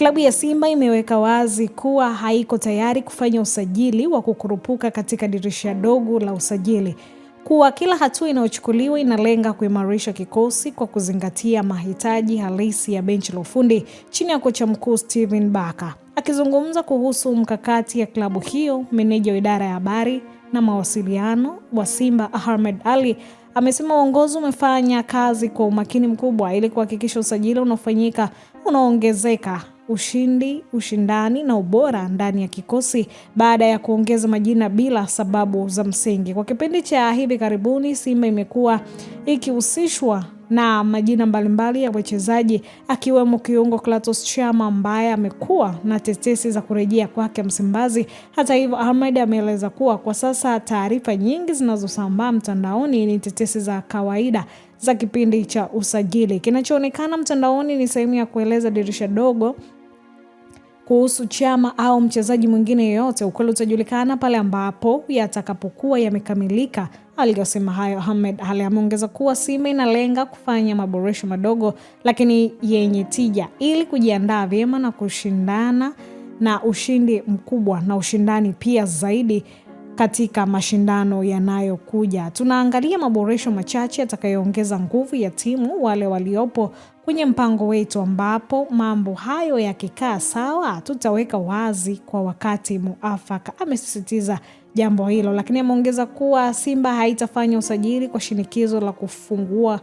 Klabu ya Simba imeweka wazi kuwa haiko tayari kufanya usajili wa kukurupuka katika dirisha dogo la usajili, kuwa kila hatua inayochukuliwa inalenga kuimarisha kikosi kwa kuzingatia mahitaji halisi ya benchi la ufundi chini ya kocha mkuu Steven Baka. Akizungumza kuhusu mkakati ya klabu hiyo, meneja wa idara ya habari na mawasiliano wa Simba Ahmed Ali amesema uongozi umefanya kazi kwa umakini mkubwa ili kuhakikisha usajili unaofanyika unaongezeka ushindi, ushindani na ubora ndani ya kikosi baada ya kuongeza majina bila sababu za msingi. Kwa kipindi cha hivi karibuni, Simba imekuwa ikihusishwa na majina mbalimbali ya wachezaji akiwemo kiungo Clatous Chama ambaye amekuwa na tetesi za kurejea kwake Msimbazi. Hata hivyo, Ahmed ameeleza kuwa kwa sasa taarifa nyingi zinazosambaa mtandaoni ni tetesi za kawaida za kipindi cha usajili. Kinachoonekana mtandaoni ni sehemu ya kueleza dirisha dogo kuhusu Chama au mchezaji mwingine yeyote, ukweli utajulikana pale ambapo yatakapokuwa yamekamilika. Aliyosema hayo Ahmed Ally ameongeza kuwa Simba inalenga kufanya maboresho madogo lakini yenye tija ili kujiandaa vyema na kushindana na ushindi mkubwa na ushindani pia zaidi katika mashindano yanayokuja. Tunaangalia maboresho machache yatakayoongeza nguvu ya timu wale waliopo kwenye mpango wetu, ambapo mambo hayo yakikaa sawa, tutaweka wazi kwa wakati muafaka. Amesisitiza jambo hilo, lakini ameongeza kuwa Simba haitafanya usajili kwa shinikizo la kufungua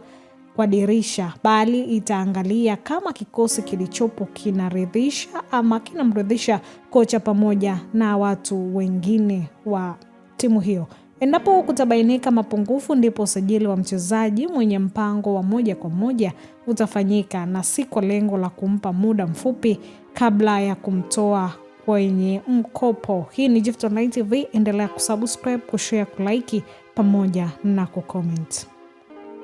kwa dirisha, bali itaangalia kama kikosi kilichopo kinaridhisha ama kinamridhisha kocha pamoja na watu wengine wa timu hiyo. Endapo kutabainika mapungufu, ndipo usajili wa mchezaji mwenye mpango wa moja kwa moja utafanyika na si kwa lengo la kumpa muda mfupi kabla ya kumtoa kwenye mkopo. Hii ni Gift Online TV, endelea kusubscribe, kushare, kulaiki pamoja na kucomment.